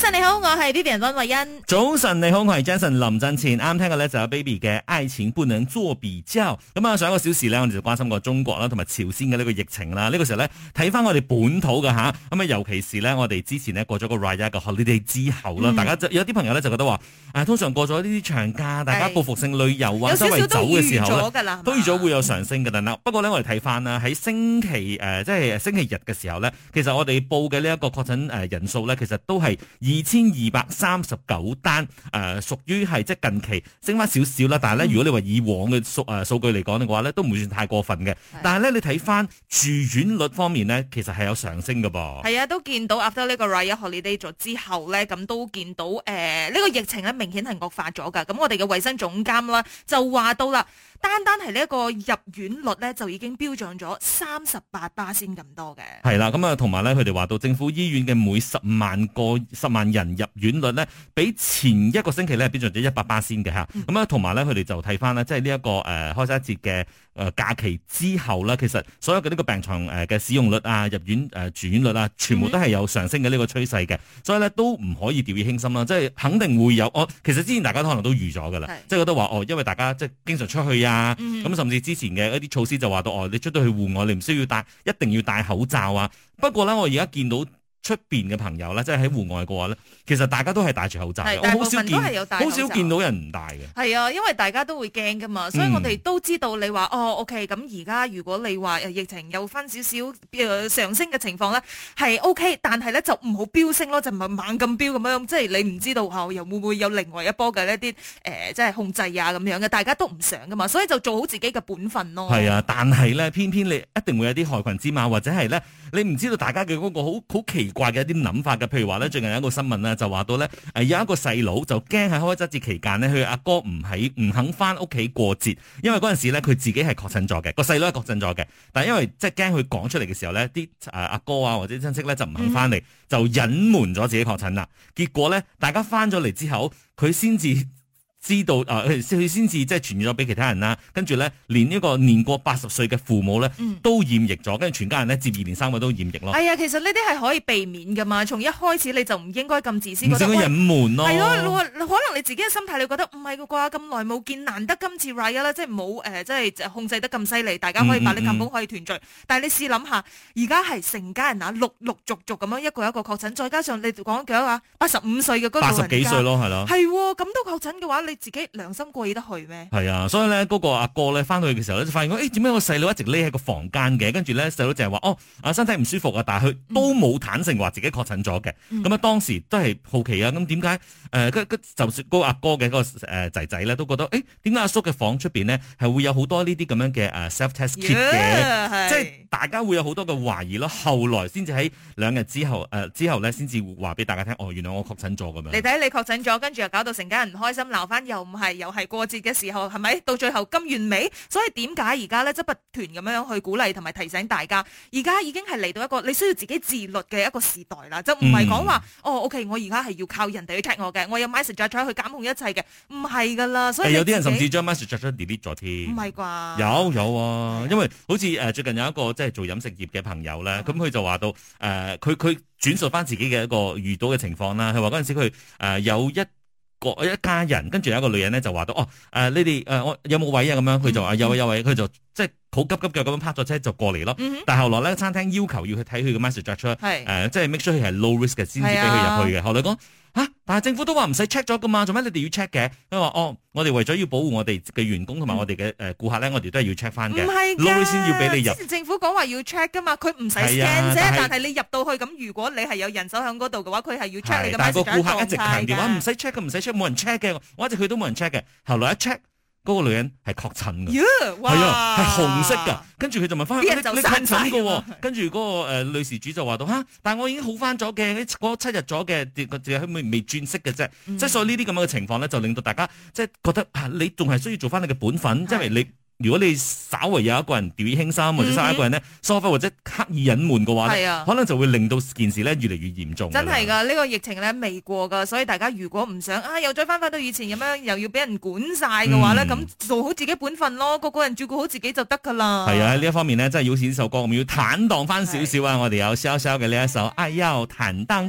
早晨你好，我係 Baby 溫慧欣。早晨你好，我係 Jason 林振前。啱聽嘅咧就係 Baby 嘅《愛情不能作比較》。咁啊，上一個小時咧，我哋就關心過中國啦，同埋朝鮮嘅呢個疫情啦。呢、這個時候咧，睇翻我哋本土嘅吓，咁啊，尤其是咧，我哋之前呢過咗個 Raya 嘅 holiday 之後啦，嗯、大家就有啲朋友咧就覺得話，啊，通常過咗呢啲長假，大家報復性旅遊啊，周圍走嘅時候咧，都預咗會有上升嘅啦。嗯、不過咧，我哋睇翻啊，喺星期誒，即、呃、係星期日嘅時候咧，其實我哋報嘅呢一個確診誒人數咧，其實都係、嗯。二千二百三十九單，誒屬於係即係近期升翻少少啦。但係咧，如果你話以往嘅數誒數據嚟講嘅話咧，都唔會算太過分嘅。的但係咧，你睇翻住院率方面咧，其實係有上升㗎噃。係啊，都見到 after 呢個 rise holiday 咗之後咧，咁都見到誒呢、呃這個疫情咧明顯係惡化咗㗎。咁我哋嘅衞生總監啦就話到啦。單單係呢一個入院率咧，就已經飆漲咗三十八巴仙咁多嘅。係啦，咁啊，同埋咧，佢哋話到政府醫院嘅每十萬個十萬人入院率咧，比前一個星期咧飆漲咗一百巴仙嘅嚇。咁啊，同埋咧，佢哋、嗯、就睇翻咧，即係呢一個誒、呃、開山節嘅誒假期之後咧，其實所有嘅呢個病床誒嘅使用率啊、入院誒、呃、住院率啊，全部都係有上升嘅呢個趨勢嘅。嗯、所以咧都唔可以掉以輕心啦，即係肯定會有。我其實之前大家都可能都預咗㗎啦，即係覺得話哦，因為大家即係經常出去啊。啊，啊，咁、嗯、甚至之前嘅一啲措施就話到哦，你出到去戶外你唔需要戴，一定要戴口罩啊。不過咧，我而家見到。出邊嘅朋友咧，即係喺戶外嘅話咧，其實大家都係戴住口罩。係，大部分都係有戴口罩。好少見到人唔戴嘅。係啊，因為大家都會驚噶嘛，所以我哋都知道你話哦，OK，咁而家如果你話誒疫情有翻少少誒上升嘅情況咧，係 OK，但係咧就唔好飆升咯，就唔係猛咁飆咁樣，即係你唔知道吓，又會唔會有另外一波嘅一啲誒，即係控制啊咁樣嘅，大家都唔想噶嘛，所以就做好自己嘅本分咯。係啊，但係咧，偏偏你一定會有啲害群之馬，或者係咧，你唔知道大家嘅嗰個好好奇。奇怪嘅一啲諗法嘅，譬如話咧，最近有一個新聞咧，就話到咧，誒有一個細佬就驚喺開齋節期間咧，佢阿哥唔喺，唔肯翻屋企過節，因為嗰陣時咧佢自己係確診咗嘅，個細佬係確診咗嘅，但係因為即係驚佢講出嚟嘅時候咧，啲誒阿哥啊或者親戚咧就唔肯翻嚟，就隱瞞咗自己確診啦，結果咧大家翻咗嚟之後，佢先至。知道啊，佢先至即係傳染咗俾其他人啦。跟住咧，連呢個年過八十歲嘅父母咧，嗯、都染疫咗。跟住全家人呢，接二連三位都染疫咯。哎啊，其實呢啲係可以避免嘅嘛。從一開始你就唔應該咁自私，唔好隱瞞咯。係咯喂、嗯，可能你自己嘅心態，你覺得唔係嘅啩？咁耐冇見，難得今次 r i 啦，即係冇誒，即係控制得咁犀利，大家可以百你近況可以團聚。嗯嗯嗯，但係你試諗下，而家係成家人啊，陸陸續續咁樣一個一個確診，再加上你講句啊，八十五歲嘅嗰個八十幾歲咯，係咯了，係喎了，咁都確診嘅話。你自己良心過意得去咩？係啊，所以咧嗰個阿哥咧翻去嘅時候咧就發現、 欸、我，誒，點解我細佬一直匿喺個房間嘅？跟住咧細佬就係話，哦，阿身體唔舒服啊，但係佢都冇坦誠話自己確診咗嘅。咁啊、嗯，當時都係好奇啊。咁點解？誒、呃，就算嗰個阿哥嘅嗰、那個誒仔仔咧都覺得，誒、欸，點解阿叔嘅房出邊咧係會有好多呢啲咁樣嘅誒 self test kit 嘅？即係大家會有好多嘅懷疑咯。後來先至喺兩日之後，誒、呃、之後咧先至話俾大家聽，哦，原來我確診咗咁樣。你睇你確診咗，跟住又搞到成家人唔開心，鬧翻。又唔係，又係過節嘅時候，係咪？到最後咁完美，所以點解而家咧，即不斷咁樣去鼓勵同埋提醒大家，而家已經係嚟到一個你需要自己自律嘅一個時代啦。就唔係講話哦，OK，我而家係要靠人哋去 check 我嘅，我有 myself 再去監控一切嘅，唔係噶啦。所以有啲人甚至將 myself 去 delete 咗添，唔係啩？有有啊，啊因為好似誒最近有一個即係做飲食業嘅朋友咧，咁佢、啊、就話到誒，佢佢轉述翻自己嘅一個遇到嘅情況啦。佢話嗰陣時佢誒有一。一家人，跟住有一個女人咧就話到哦，誒、呃，你哋誒，我、呃、有冇位啊？咁樣佢就、嗯、哼啊有位有位，佢就即係好急急腳咁樣泊咗車就過嚟咯。嗯、哼但係後來咧，餐廳要求要去睇佢嘅 message 出，誒是、呃，即係 make sure 佢係 low risk 嘅先至俾佢入去嘅。後來講。嚇、啊！但係政府都話唔使 check 咗噶嘛，做咩你哋要 check 嘅？因為哦，我哋為咗要保護我哋嘅員工同埋我哋嘅誒顧客咧，我哋都係要 check 翻嘅。唔係，先要俾你入。之前政府講話要 check 噶嘛，佢唔使 scan 啫。的但係是你入到去咁，如果你係有人手喺嗰度嘅話，佢係要 check 你嘅。但個顧客一直強調話，唔使 check 嘅，唔使 check，冇人 check 嘅，我一直去都冇人 check 嘅。後來一 check。嗰個女人係確診㗎，係啊，係紅色㗎，跟住佢就問翻，呢呢係診㗎，跟住嗰個、呃、女事主就話到吓，但係我已經好翻咗嘅，我七日咗嘅，佢未未轉色嘅啫，即係、嗯、所以呢啲咁樣嘅情況咧，就令到大家即係覺得啊，你仲係需要做翻你嘅本分，是即係你……」如果你稍微有一個人掉以輕心，嗯、哼或者稍為一個人咧疏忽，或者刻意隱瞞嘅話咧，嗯、哼可能就會令到件事咧越嚟越嚴重。真係噶，呢、這個疫情咧未過噶，所以大家如果唔想啊又再翻返到以前咁樣，又要俾人管晒嘅話咧，咁、嗯、做好自己本分咯，個個人照顧好自己就得噶啦。係、嗯、啊，喺呢一方面咧，真係要似呢首歌咁，我要坦蕩翻少少啊！是我哋有小小嘅呢一首《哎呦坦蕩蕩》。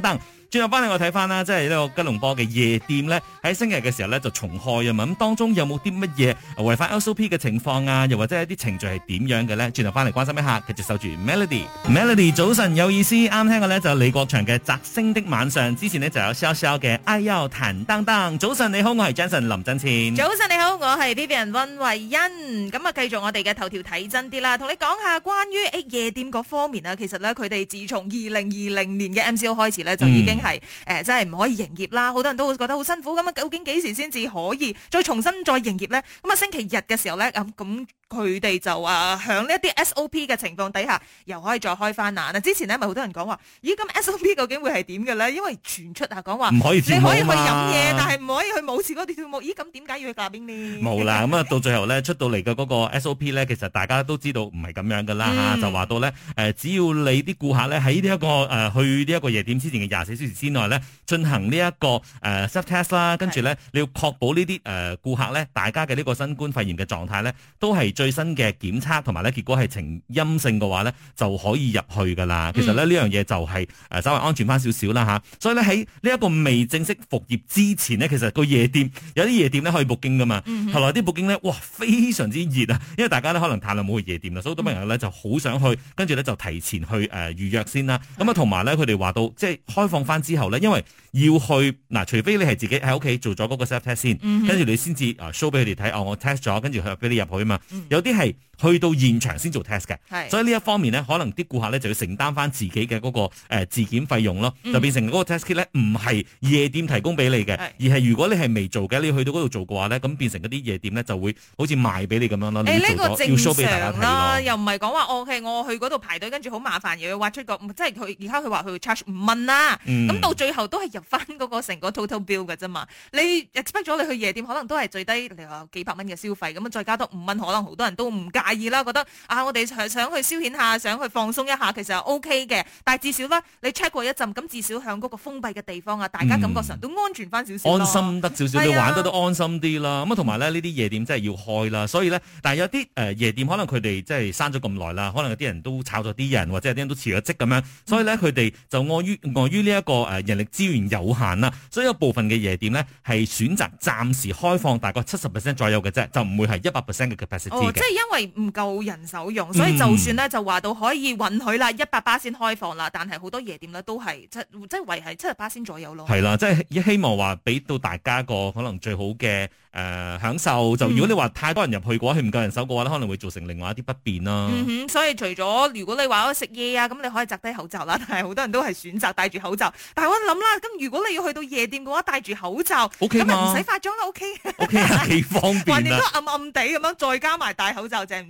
轉頭翻嚟，我睇翻啦，即係呢個吉隆坡嘅夜店咧，喺星期日嘅時候咧就重開啊嘛，咁當中有冇啲乜嘢違反 SOP 嘅情況啊？又或者係啲程序係點樣嘅咧？轉頭翻嚟，關心一下，繼續守住 Melody，Melody Melody 早晨，有意思，啱聽嘅咧就有李國祥嘅《摘星的晚上》，之前呢就有 Shaw Shaw 嘅《哎呦彈噔噔》當當，早晨你好，我係 Jason 林振前，早晨你好，我係 Vivian 溫慧欣。咁啊繼續我哋嘅頭條睇真啲啦，同你講下關於誒、欸、夜店嗰方面啊，其實咧佢哋自從二零二零年嘅 MCO 開始咧就已經、嗯。係誒、呃，真係唔可以營業啦！好多人都會覺得好辛苦咁啊。究竟幾時先至可以再重新再營業咧？咁、嗯、啊，星期日嘅時候咧，咁咁佢哋就話響呢一啲 SOP 嘅情況底下，又可以再開翻難啦。之前咧咪好多人講話，咦？咁 SOP 究竟會係點嘅咧？因為傳出說說啊，講話唔可以，你可以去飲嘢，但係唔可以去舞池嗰段跳舞。咦？咁點解要去下邊呢？冇啦，咁啊，到最後咧 出到嚟嘅嗰個 SOP 咧，其實大家都知道唔係咁樣噶啦吓，嗯、就話到咧誒、呃，只要你啲顧客咧喺呢一個誒、呃、去呢一個夜店之前嘅廿四小時之內咧進行呢、這、一個誒 self test 啦，跟住咧你要確保呢啲誒顧客咧，大家嘅呢個新冠肺炎嘅狀態咧，都係最新嘅檢測同埋咧結果係呈陰性嘅話咧，就可以入去噶啦。其實咧呢樣嘢就係、是、誒、呃、稍微安全翻少少啦嚇。所以咧喺呢一個未正式復業之前呢，其實個夜店有啲夜店咧可以報經噶嘛。後來啲報經咧，哇非常之熱啊，因為大家咧可能太耐冇去夜店啊，所以好多朋友咧就好想去，跟住咧就提前去誒、呃、預約先啦。咁啊同埋咧佢哋話到即係開放翻。.之後咧，因為要去嗱，除非你係自己喺屋企做咗嗰個 self test 先、mm，跟、hmm. 住你先至啊 show 俾佢哋睇哦，我 test 咗，跟住佢就俾你入去啊嘛。Mm hmm. 有啲係。去到現場先做 test 嘅，是所以呢一方面呢，可能啲顧客咧就要承擔翻自己嘅嗰、那個、呃、自檢費用咯，嗯、就變成嗰個 test kit 咧唔係夜店提供俾你嘅，嗯、而係如果你係未做嘅，你去到嗰度做嘅話咧，咁變成嗰啲夜店咧就會好似賣俾你咁樣咯。誒呢、欸、個正常啦，又唔係講話，OK，我去嗰度排隊跟住好麻煩，又要挖出個，即係佢而家佢話佢會 charge 五蚊啦，咁、嗯、到最後都係入翻嗰個成個 total bill 嘅啫嘛。你 expect 咗你去夜店可能都係最低幾百蚊嘅消費，咁再加多五蚊，可能好多人都唔介。第二啦，覺得啊，我哋想去消遣下，想去放鬆一下，其實係 O K 嘅。但係至少咧，你 check 過一陣，咁至少向嗰個封閉嘅地方啊，大家感覺上都安全翻少少，嗯、安心得少少，呀你玩得都安心啲啦。咁啊，同埋咧，呢啲夜店真係要開啦。所以咧，但係有啲誒、呃、夜店可能佢哋即係閂咗咁耐啦，可能有啲人都炒咗啲人，或者有啲人都辭咗職咁樣。所以咧，佢哋就礙於礙於呢一個誒人力資源有限啦，所以有部分嘅夜店咧係選擇暫時開放大概七十 percent 左右嘅啫，就唔會係一百 percent 嘅嘅 capacity 嘅。即係因為。唔夠人手用，所以就算咧就話到可以允許啦，一百巴先開放啦，但係好多夜店咧都係七即係維係七十巴先左右咯。係啦，即係希望話俾到大家個可能最好嘅誒、呃、享受。就如果你話太多人入去嘅話，佢唔夠人手嘅話可能會造成另外一啲不便咯、嗯。所以除咗如果你話去食嘢啊，咁你可以摘低口罩啦，但係好多人都係選擇戴住口罩。但係我諗啦，咁如果你要去到夜店嘅話，戴住口罩，咁咪唔使化妝啦。O K，幾方便都暗暗地咁樣，再加埋戴口罩正。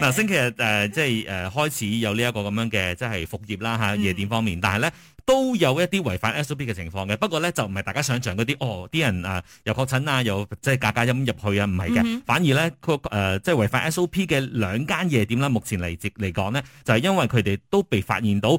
嗱，星期日誒、呃，即係誒、呃、開始有呢一個咁樣嘅，即係復業啦嚇、啊，夜店方面，但係咧都有一啲違反 S O P 嘅情況嘅。不過咧就唔係大家想像嗰啲，哦啲人啊又、呃、確診啊，又即係價格音入去啊，唔係嘅。嗯、哼反而咧，佢、呃、即係違反 S O P 嘅兩間夜店啦，目前嚟接嚟講咧，就係、是、因為佢哋都被發現到。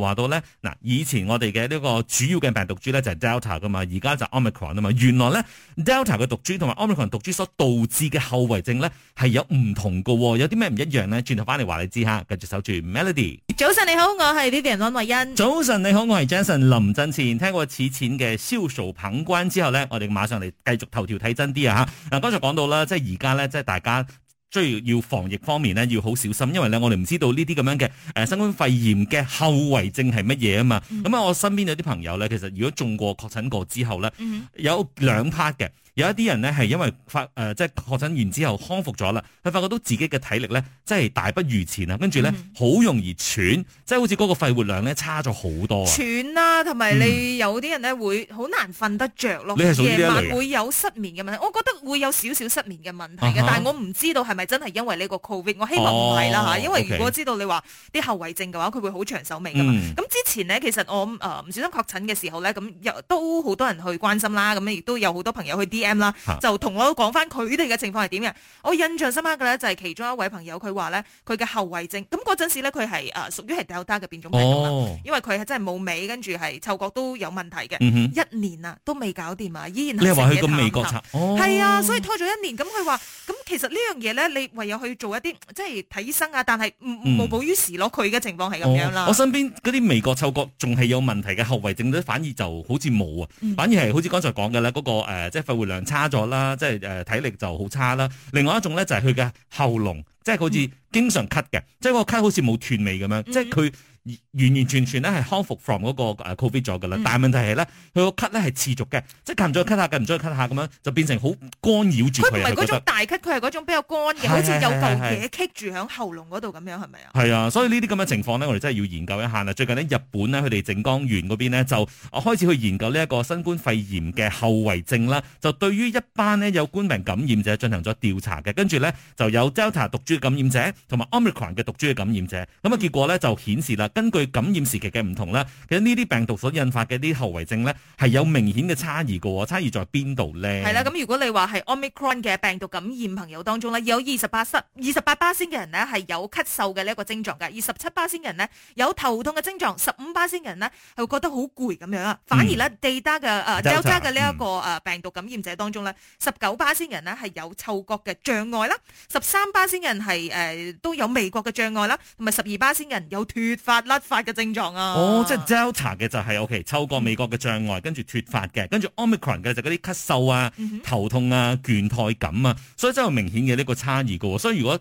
話到咧，嗱，以前我哋嘅呢個主要嘅病毒株咧就係 Delta 噶嘛，而家就 Omicron 啊嘛。原來咧 Delta 嘅毒株同埋 Omicron 毒株所導致嘅後遺症咧係有唔同噶，有啲咩唔一樣咧？轉頭翻嚟話你知吓，繼續守住 Melody。早晨你好，我係呢邊安慧欣。早晨你好，我係 Jason 林振前。聽過此前嘅消售捧關之後咧，我哋馬上嚟繼續頭條睇真啲啊吓。嗱，剛才講到啦，即係而家咧，即係大家。最要防疫方面咧要好小心，因為咧我哋唔知道呢啲咁樣嘅誒新冠肺炎嘅後遺症係乜嘢？啊嘛。咁啊、嗯，我身邊有啲朋友咧，其實如果中過確診過之後咧，嗯、有兩 part 嘅。有一啲人呢，係因為發誒即係確診完之後康復咗啦，佢發覺到自己嘅體力呢，真係大不如前啊，跟住呢，好、嗯、容易喘，即係好似嗰個肺活量呢、啊，差咗好多喘啦，同埋你、嗯、有啲人呢，會好難瞓得着咯，夜晚會有失眠嘅問題。我覺得會有少少失眠嘅問題嘅，啊、哈 但係我唔知道係咪真係因為呢個 COVID，我希望唔係啦嚇，哦、因為如果知道你話啲後遺症嘅話，佢會好長壽命噶嘛。咁之前呢，其實我唔小心確診嘅時候呢，咁都好多人去關心啦，咁亦都有好多朋友去 D 啊、就同我講翻佢哋嘅情況係點嘅。我印象深刻嘅咧，就係其中一位朋友，佢話咧佢嘅後遺症。咁嗰陣時咧，佢係誒屬於係掉渣嘅變種病噶、哦、因為佢係真係冇味，跟住係嗅覺都有問題嘅。嗯、哼一年啊，都未搞掂啊，依然係成日嘅味覺差。哦，係啊，所以拖咗一年。咁佢話咁其實呢樣嘢咧，你唯有去做一啲即係睇醫生啊，但係無補於事咯。佢嘅、嗯、情況係咁樣啦、哦。我身邊嗰啲味覺、嗅覺仲係有問題嘅後遺症咧，反而就好似冇啊，反而係好似剛才講嘅咧，嗰、嗰個誒、呃呃、即係肺活量。差咗啦，即係誒體力就好差啦。另外一種咧就係佢嘅喉嚨，即係好似經常咳嘅，即係個咳好似冇斷尾咁樣，即係佢。完完全全咧係康復 from 嗰個 COVID 咗嘅啦，19, 嗯、但係問題係咧，佢個咳咧係持續嘅，即係隔唔中咳下，隔唔中咳下咁樣，就變成好干擾住佢。唔係嗰種大咳，佢係嗰種比較乾嘅，的好似有嚿嘢棘住喺喉嚨嗰度咁樣，係咪啊？係啊的，所以呢啲咁嘅情況咧，我哋真係要研究一下啦。嗯、最近呢，日本咧，佢哋靜岡縣嗰邊咧就開始去研究呢一個新冠肺炎嘅後遺症啦。嗯、就對於一班呢有冠病感染者進行咗調查嘅，跟住咧就有 Delta 毒株嘅感染者同埋 Omicron 嘅毒株嘅感染者，咁啊、嗯、結果咧就顯示啦。根據感染時期嘅唔同咧，其實呢啲病毒所引發嘅啲後遺症咧係有明顯嘅差異嘅喎，差異在邊度咧？係啦，咁如果你話係 Omicron 嘅病毒感染朋友當中咧，有二十八失二十八巴仙嘅人呢係有咳嗽嘅呢一個症狀嘅，二十七巴仙人呢有頭痛嘅症狀，十五巴仙人咧係會覺得好攰咁樣啊。反而咧地得嘅啊，Delta 嘅呢一個啊病毒感染者當中咧，十九巴仙人呢係有嗅覺嘅障礙啦，十三巴仙人係誒、uh, 都有味覺嘅障礙啦，同埋十二巴仙人有脱發。甩髮嘅症狀啊！哦，即係 Delta 嘅就係 OK，抽過美國嘅障礙，跟住脱髮嘅，跟住 Omicron 嘅就嗰啲咳嗽啊、嗯、哼頭痛啊、倦怠感啊，所以真係明顯嘅呢個差異嘅喎。所以如果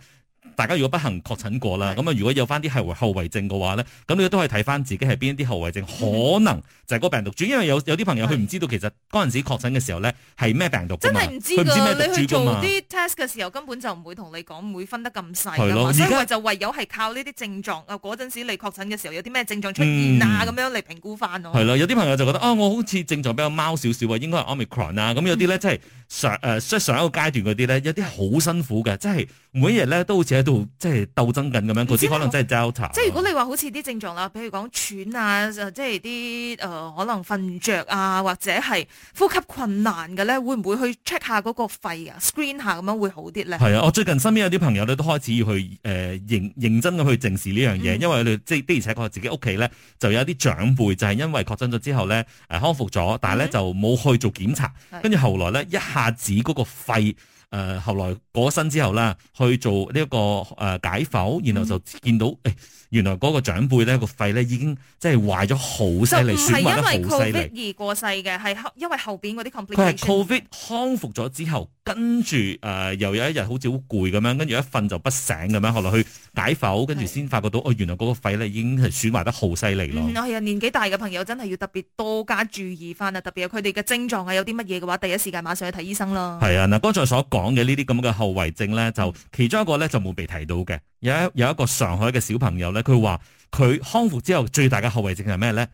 大家如果不幸確診過啦，咁啊的如果有翻啲係後遺症嘅話咧，咁你都可以睇翻自己係邊一啲後遺症、嗯、哼可能。就係個病毒株，因為有有啲朋友佢唔知道其實嗰陣時確診嘅時候咧係咩病毒，真係唔知㗎。知道你去做啲 test 嘅時候根本就唔會同你講，唔會分得咁細。係咯，而家就唯有係靠呢啲症狀啊，嗰陣時你確診嘅時候有啲咩症狀出現啊，咁、嗯、樣嚟評估翻咯。係啦，有啲朋友就覺得啊、哦，我好似症狀比較貓少少啊，應該係 Omicron 啊。咁、嗯嗯、有啲咧真係上誒即係上一個階段嗰啲咧，有啲好辛苦嘅，即係每日咧都好似喺度即係鬥爭緊咁樣。嗰啲可能真係 delta 即係如果你話好似啲症狀啦，譬如講喘啊，呃、即係啲誒。呃可能瞓唔著啊，或者係呼吸困難嘅咧，會唔會去 check 下嗰個肺啊，screen 下咁樣會好啲咧？係啊，我最近身邊有啲朋友咧，都開始要去誒認、呃、認真咁去正視呢樣嘢，嗯、因為你即係的而且確自己屋企咧，就有一啲長輩就係、是、因為確診咗之後咧，誒、呃、康復咗，但係咧就冇去做檢查，跟住、嗯、後來咧一下子嗰個肺誒、呃、後來過身之後啦，去做呢一個誒解剖，然後就見到誒。嗯原來嗰個長輩咧，個肺咧已經即係壞咗好犀利。損就唔係因為 COVID 而過世嘅，係因為後邊嗰啲 complication。佢係 COVID 康復咗之後，跟住誒、呃、又有一日好似好攰咁樣，跟住一瞓就不醒咁樣，後來去解剖，跟住先發覺到是哦，原來嗰個肺咧已經係損壞得好犀利咯。嗯，係啊，年紀大嘅朋友真係要特別多加注意翻啊，特別係佢哋嘅症狀啊，有啲乜嘢嘅話，第一時間馬上去睇醫生咯。係啊，嗱，剛才所講嘅呢啲咁嘅後遺症咧，就其中一個咧就冇被提到嘅。有一有一個上海嘅小朋友咧，佢話佢康復之後最大嘅後遺症係咩呢？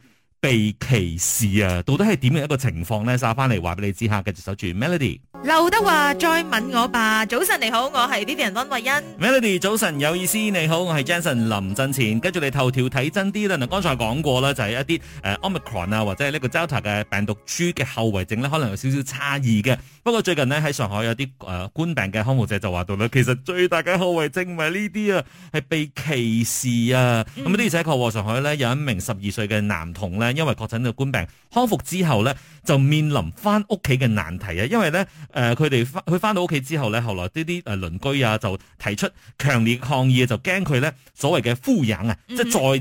被歧視啊！到底係點樣一個情況呢？稍翻嚟話俾你知下。繼續守住 Melody，劉德華再問我吧。早晨你好，我係呢啲人温慧恩。Melody，早晨有意思。你好，我係 Jensen。林振前跟住你頭條睇真啲啦。剛才講過啦，就係、是、一啲誒 Omicron 啊，或者係呢個 Delta 嘅病毒株嘅後遺症咧，可能有少少差異嘅。不過最近呢，喺上海有啲誒冠病嘅康復者就話到啦，其實最大嘅後遺症唔係呢啲啊，係被歧視啊。咁啲記者喺上海呢，有一名十二歲嘅男童呢。因為確診嘅冠病康復之後咧，就面臨翻屋企嘅難題啊！因為咧，誒，佢哋翻佢翻到屋企之後咧，後來呢啲誒鄰居啊，就提出強烈抗議，就驚佢咧所謂嘅復陽啊，嗯、哼即係再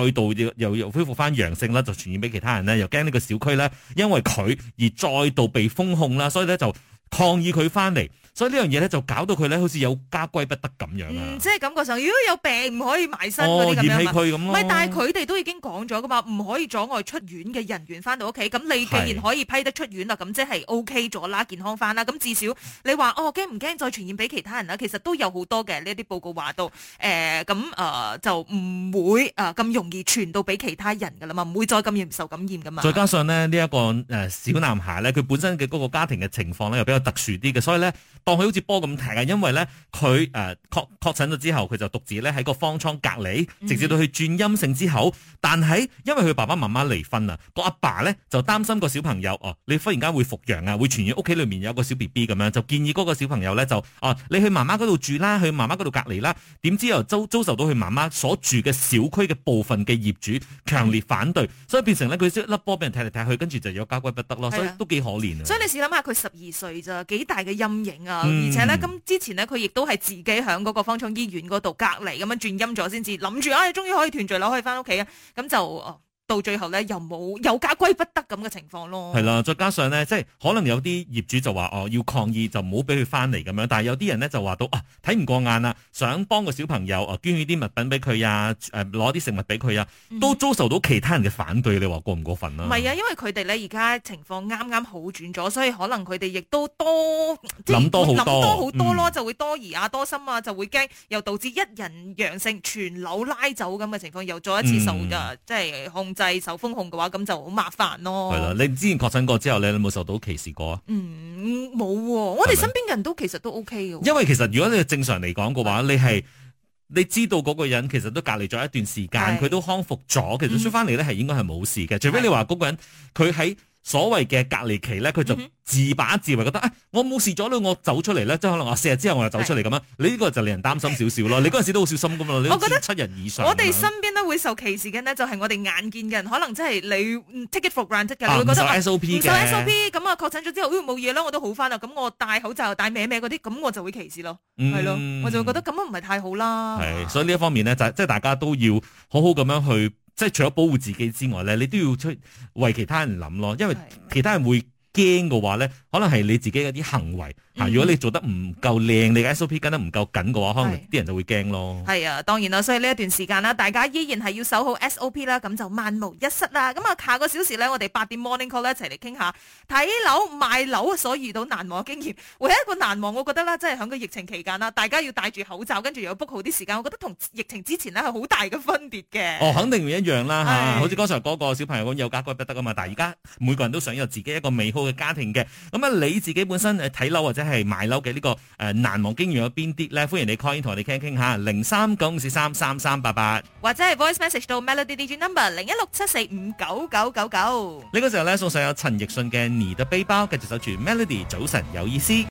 次再度又又恢復翻陽性啦，就傳染俾其他人咧，又驚呢個小區咧，因為佢而再度被封控啦，所以咧就。抗議佢翻嚟，所以呢樣嘢咧就搞到佢咧好似有家歸不得咁樣啊！嗯、即係感覺上，如果有病唔可以埋身嗰啲咁樣。哦，唔係，啊、但係佢哋都已經講咗噶嘛，唔可以阻礙出院嘅人員翻到屋企。咁你既然可以批得出院啦，咁是即係 O K 咗啦，健康翻啦。咁至少你話哦驚唔驚再傳染俾其他人啦？其實都有好多嘅呢一啲報告話到誒，咁、呃、誒、呃、就唔會誒咁容易傳到俾其他人噶啦嘛，唔會再咁易受感染噶嘛。再加上咧呢一、這個誒小男孩咧，佢本身嘅嗰個家庭嘅情況咧比較。特殊啲嘅，所以咧，當佢好似波咁踢啊！因為咧，佢誒確確診咗之後，佢就獨自咧喺個方艙隔離，直至到佢轉陰性之後。但係因為佢爸爸媽媽離婚啊，啊個阿爸咧就擔心個小朋友哦，你忽然間會復陽啊，會傳染屋企裏面有個小 B B 咁樣，就建議嗰個小朋友咧就哦，你去媽媽嗰度住啦，去媽媽嗰度隔離啦。點知又遭遭受到佢媽媽所住嘅小區嘅部分嘅業主強烈反對，所以變成咧佢一粒波俾人踢嚟踢去，跟住就有家歸不得咯。所以都幾可憐啊！所以你試諗下，佢十二歲，幾大嘅陰影啊！嗯、而且咧，咁之前咧，佢亦都係自己喺嗰個方艙醫院嗰度隔離咁樣轉陰咗先至，諗住啊，終於可以團聚啦，可以翻屋企啊，咁就到最後咧又冇有家歸不得咁嘅情況咯，係啦，再加上咧即係可能有啲業主就話哦、呃、要抗議就唔好俾佢翻嚟咁樣，但係有啲人咧就話到啊睇唔過眼啊，想幫個小朋友啊捐啲物品俾佢啊，誒攞啲食物俾佢啊，都遭受到其他人嘅反對，你話過唔過分啦、啊？唔係、嗯、啊，因為佢哋咧而家情況啱啱好轉咗，所以可能佢哋亦都多諗多好多好多咯、嗯，就會多疑啊多心啊，就會驚，又導致一人陽性全樓拉走咁嘅情況，又再一次受嘅即係控。就係受封控嘅話，咁就好麻煩咯。係啦，你之前確診過之後，你有冇受到歧視過、嗯、啊？嗯，冇。我哋身邊人都吧其實都 OK 嘅。因為其實如果你正常嚟講嘅話，的你係你知道嗰個人其實都隔離咗一段時間，佢的都康復咗，其實出翻嚟咧係應該係冇事嘅。嗯、除非你話嗰個人佢喺。的所謂嘅隔離期咧，佢就自把自為，覺得啊、嗯哼哎，我冇事咗咧，我走出嚟咧，即係可能啊，四日之後我就走出嚟咁啊。是你呢個就令人擔心少少咯。你嗰陣時都好小心噶嘛。我覺得七人以上。我哋身邊都會受歧視嘅咧，就係我哋眼見嘅人，可能即係你、嗯、take it for granted 嘅，唔做 SOP 唔做 SOP 咁啊，不受啊 SOP，我確診咗之後，哎冇嘢啦，我都好翻啦，咁我戴口罩、戴咩咩嗰啲，咁我就會歧視咯，係咯、嗯，我就會覺得咁樣唔係太好啦。係唉，所以呢一方面咧，就係即係大家都要好好咁樣去。即係除咗保護自己之外咧，你都要出為其他人諗咯，因為其他人會驚嘅話咧，可能係你自己嘅一啲行為。嗯嗯，如果你做得唔夠靚，你嘅 SOP 跟得唔夠緊嘅話，可能啲人就會驚咯。係啊，當然啦，所以呢一段時間啦，大家依然係要守好 SOP 啦，咁就萬無一失啦。咁、嗯、啊，下個小時咧，我哋八點 Morning Call 咧一齊嚟傾下睇樓賣樓所遇到難忘經驗。唯一一個難忘，我覺得咧，真係響個疫情期間啦，大家要戴住口罩，跟住又要 book 好啲時間，我覺得同疫情之前咧係好大嘅分別嘅。哦，肯定唔一樣啦，好似剛才嗰個小朋友咁有家歸不得㗎嘛。但係而家每個人都想有自己一個美好嘅家庭嘅。咁啊，你自己本身睇樓或者～係買樓嘅呢、這個誒、呃、難忘經驗有邊啲咧？歡迎你 call 同我哋傾傾下，零三九五四三三三八八，或者係 voice message 到 melody digit number 零一六七四五九九九九。呢個時候咧，送上有陳奕迅嘅你的背包，繼續守住 melody 早晨有意思。